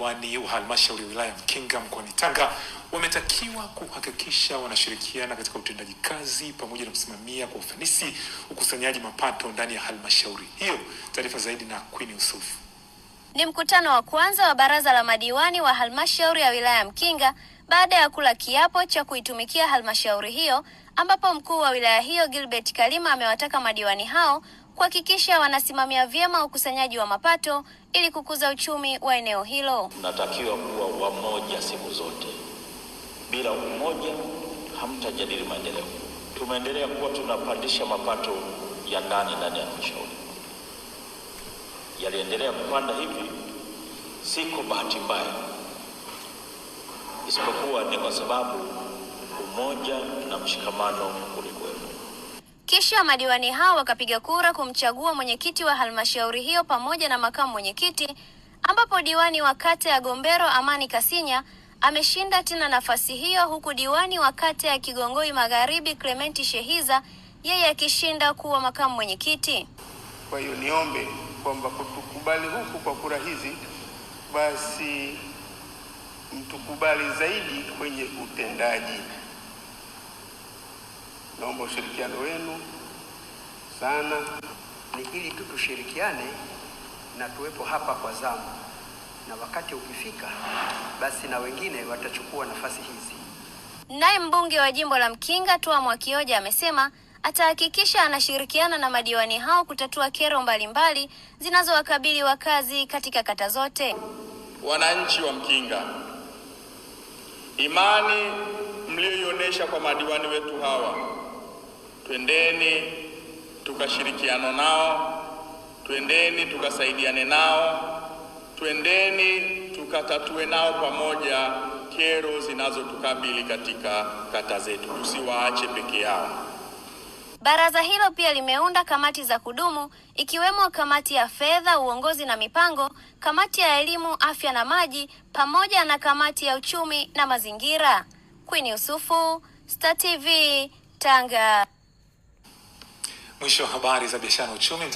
madiwani wa halmashauri ya wilaya Mkinga mkoani Tanga wametakiwa kuhakikisha wanashirikiana katika utendaji kazi pamoja na kusimamia kwa ufanisi ukusanyaji mapato ndani ya halmashauri hiyo. Taarifa zaidi na Queen Yusufu. Ni mkutano wa kwanza wa baraza la madiwani wa halmashauri ya wilaya Mkinga baada ya kula kiapo cha kuitumikia halmashauri hiyo, ambapo mkuu wa wilaya hiyo Gilbert Kalima amewataka madiwani hao kuhakikisha wanasimamia vyema ukusanyaji wa mapato ili kukuza uchumi wa eneo hilo. Tunatakiwa kuwa wamoja siku zote, bila umoja hamtajadili maendeleo. Tumeendelea kuwa tunapandisha mapato ya ndani ndani ya halmashauri, yaliendelea kupanda hivi, siko bahati mbaya isipokuwa ni kwa sababu umoja na mshikamano ulikuwepo. Kisha madiwani hao wakapiga kura kumchagua mwenyekiti wa halmashauri hiyo pamoja na makamu mwenyekiti, ambapo diwani wa kata ya Gombero Amani Kasinya ameshinda tena nafasi hiyo, huku diwani wa kata ya Kigongoi Magharibi Clementi Shehiza yeye akishinda kuwa makamu mwenyekiti. Kwa hiyo niombe kwamba kutukubali huku kwa kura hizi basi mtukubali zaidi kwenye utendaji. Naomba ushirikiano wenu sana, ni ili tu tushirikiane na tuwepo hapa kwa zamu, na wakati ukifika, basi na wengine watachukua nafasi hizi. Naye mbunge wa jimbo la Mkinga Tua Mwakioja amesema atahakikisha anashirikiana na madiwani hao kutatua kero mbalimbali zinazowakabili wakazi katika kata zote. Wananchi wa Mkinga Imani mliyoionyesha kwa madiwani wetu hawa, twendeni tukashirikiana nao, twendeni tukasaidiane nao, twendeni tukatatue nao pamoja kero zinazotukabili katika kata zetu, tusiwaache peke yao. Baraza hilo pia limeunda kamati za kudumu ikiwemo kamati ya fedha, uongozi na mipango, kamati ya elimu, afya na maji, pamoja na kamati ya uchumi na mazingira. Queen Yusufu, Star TV, Tanga. Mwisho wa habari za biashara na uchumi.